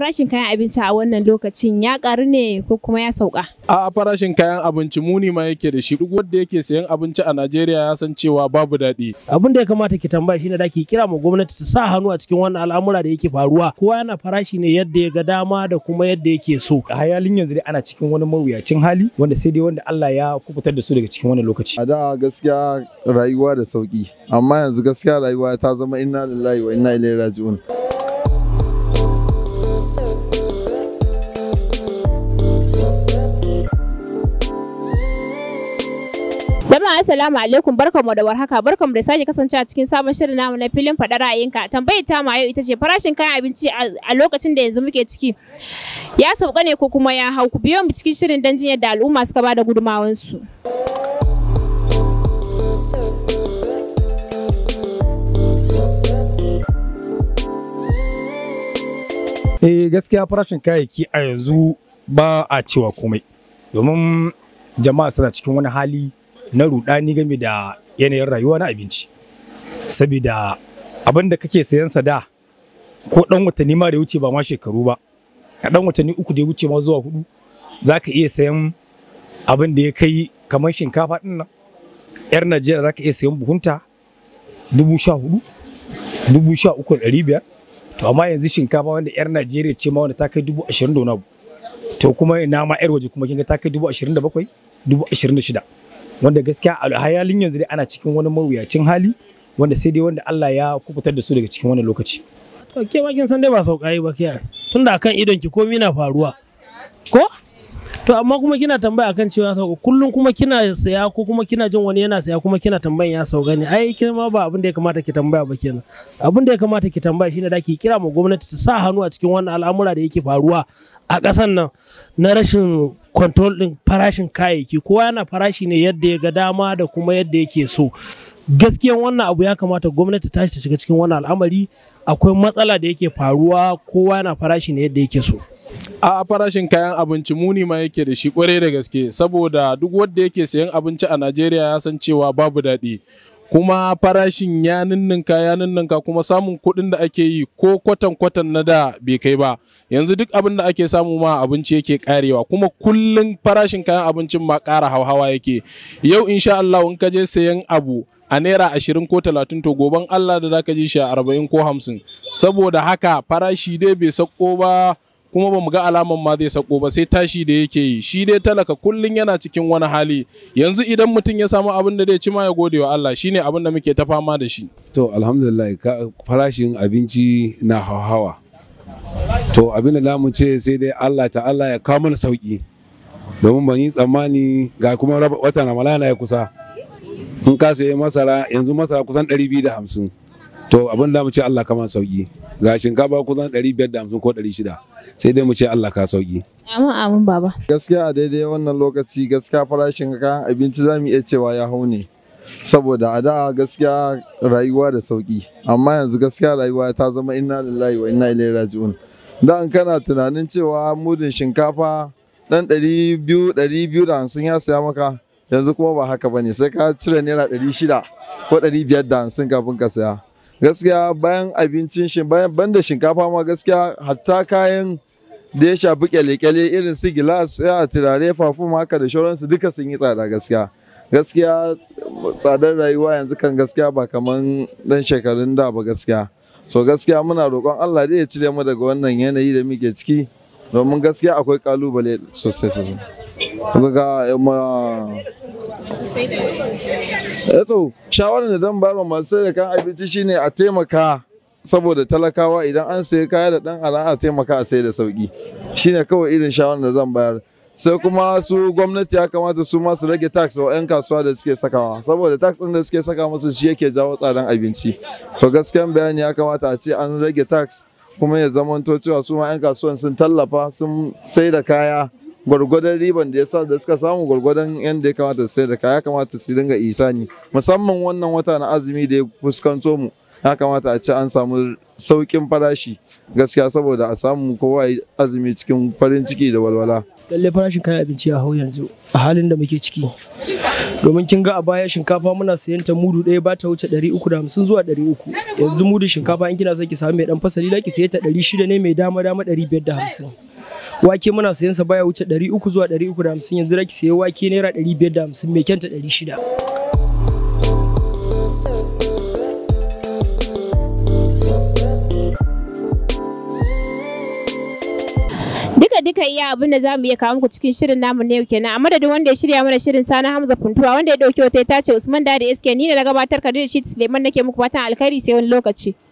farashin kayan abinci a wannan lokacin ya karu ne ko kuma ya sauka? A farashin kayan abinci muni ma yake da shi duk wanda yake sayan abinci a Najeriya ya san cewa babu daɗi. Abin da ya kamata ki tambaya shine da ki kira ma gwamnati ta sa hannu a cikin wannan al'amura da yake faruwa. Kowa yana farashi ne yadda ya ga dama da kuma yadda yake so. A hayalin yanzu dai ana cikin wani mawuyacin hali wanda sai dai wanda Allah ya kubutar da su daga cikin wannan lokaci. A da gaskiya rayuwa da sauki amma yanzu gaskiya rayuwa ta zama inna lillahi wa inna ilaihi raji'un. Jama'a assalamu alaikum barkamu da warhaka mu da sake kasance a cikin sabon shirin namu na filin faɗa ra'ayinka tambayar ta ma yau ita ce farashin kayan abinci a lokacin da yanzu muke ciki ya sauka ne ko kuma ya hau ku biyo mu cikin shirin dan jinyar da al'umma suka bada su Eh gaskiya farashin kayayyaki a yanzu ba a cewa komai domin jama'a suna cikin wani hali na rudani game da yanayin rayuwa na abinci saboda abin da kake sayan sa da ko dan watanni ma da wuce ba ma shekaru ba a dan watanni uku da ya wuce ma zuwa hudu za ka iya sayan abin da ya kai kamar shinkafa din nan yar najeriya za ka iya sayan buhunta dubu sha hudu dubu sha uku da ɗari biyar to amma yanzu shinkafa wanda yar najeriya ce ma wanda ta kai dubu ashirin da wani abu to kuma nama yar waje kuma kinga ta kai dubu ashirin da bakwai dubu ashirin da shida wanda gaskiya a halin yanzu dai ana cikin wani mawuyacin hali wanda sai dai wanda Allah ya kubutar da su daga cikin wani lokaci to ke bakin san dai ba yi ba kiyar tunda akan idon ki komai na faruwa ko to amma kuma kina tambaya akan cewa sauka kullum kuma kina saya ko kuma kina jin wani yana saya kuma kina tambayan ya sauka ne ai kin ma ba abin da ya kamata ki tambaya ba kenan abin da ya kamata ki tambaya shine da ki kira mu gwamnati ta sa hannu a cikin wannan al'amura da yake faruwa a ƙasan nan na rashin control din farashin kayayyaki kowa yana farashi ne yadda ya ga dama da kuma yadda yake so gaskiyan wannan abu ya kamata gwamnati ta shiga cikin wannan al'amari akwai matsala da yake faruwa kowa yana farashi ne yadda yake so a farashin kayan abinci muni ma yake da shi kwarai da gaske saboda duk wanda yake sayan abinci a najeriya ya san cewa babu daɗi kuma farashin ya ninninka ya ninninka kuma samun kuɗin da ake yi ko kwatan kwatan na da bai kai ba yanzu duk abin da ake samu ma abinci yake karewa kuma kullum farashin kayan abincin ma ƙara hauhawa yake yau insha Allah in ka je sayan abu a naira ashirin ko talatin to goban Allah da zaka ji shi a arba'in ko hamsin saboda haka farashi dai bai sako ba kuma ba mu ga alaman ma zai sako ba sai tashi da yake yi shi dai talaka kullun yana cikin wani hali yanzu idan mutum ya samu abin da zai ci ma ya gode wa Allah shine abin da muke ta fama da shi to alhamdulillah farashin abinci na hawa to abin da mu ce sai dai Allah ta Allah ya kawo mana sauki domin ban yi tsammani ga kuma watan ramalana ya kusa in ka sayi masara yanzu masara kusan 250 to abin da mu ce Allah kama sauki ga shinkafa kusan 550 ko 600 sai dai mu ce Allah ka sauki amin amin baba gaskiya a daidai wannan lokaci gaskiya farashin kayan abinci zamu iya cewa ya hau ne saboda a da gaskiya rayuwa da sauki amma yanzu gaskiya rayuwa ta zama inna lillahi wa inna ilaihi raji'un dan an kana tunanin cewa mudin shinkafa dan 200 250 ya saya maka yanzu kuma ba haka bane sai ka cire naira 600 ko 550 kafin ka saya gaskiya bayan abincin shi bayan banda shinkafa ma gaskiya hatta kayan da ya shafi kyale-kyale irin su gilas ya turare fafum haka da shauransu duka sun yi tsada gaskiya gaskiya tsadar rayuwa yanzu kan gaskiya ba kamar dan shekarun da ba gaskiya so gaskiya muna roƙon Allah da ya cire mu daga wannan yanayi da muke ciki domin gaskiya akwai kalubale sosai sosai ga ma eto eh shawarar da zan bayar masu da kan abinci shine a taimaka saboda talakawa idan an sayi kaya da dan ala a taimaka a sai da sauki shine kawai irin shawarar da zan bayar sai kuma su gwamnati ya kamata su masu rage tax wa 'yan kasuwa da suke sakawa saboda tax ɗin da suke saka musu shi yake jawo tsadan abinci to gaskiyan bayani ya kamata a ce an rage tax kuma ya zamanto cewa su ma 'yan kasuwan sun tallafa sun sai da kaya gwargwadon riban da ya sa da suka samu gwargwadon yadda ya kamata su sai da kaya kamata su dinga isani musamman wannan wata na azumi da ya fuskanto mu ya kamata a ce an samu sauƙin farashi gaskiya saboda a samu kowa azumi cikin farin ciki da walwala lallai farashin kayan abinci ya hau yanzu a halin da muke ciki domin kin ga a baya shinkafa muna sayan ta mudu ɗaya ba ta wuce ɗari uku da hamsin zuwa ɗari uku, yanzu mudu shinkafa in kina son ki samu mai ɗan fasali za ki saye ta ɗari shida ne mai dama dama ɗari biyar da hamsin. wake muna sayan sa baya wuce ɗari uku zuwa ɗari uku da hamsin yanzu za ki saye wake naira ɗari biyar da hamsin mai kyanta shida. iya abin da za mu iya kawo muku cikin shirin namu na yau kenan a madadin wanda ya shirya mana shirin sana hamza funtuwa wanda ya dauki wata ya tace usman da da iske ni da na gabatar kadir shi suleiman nake muku fatan alkhairi sai wani lokaci.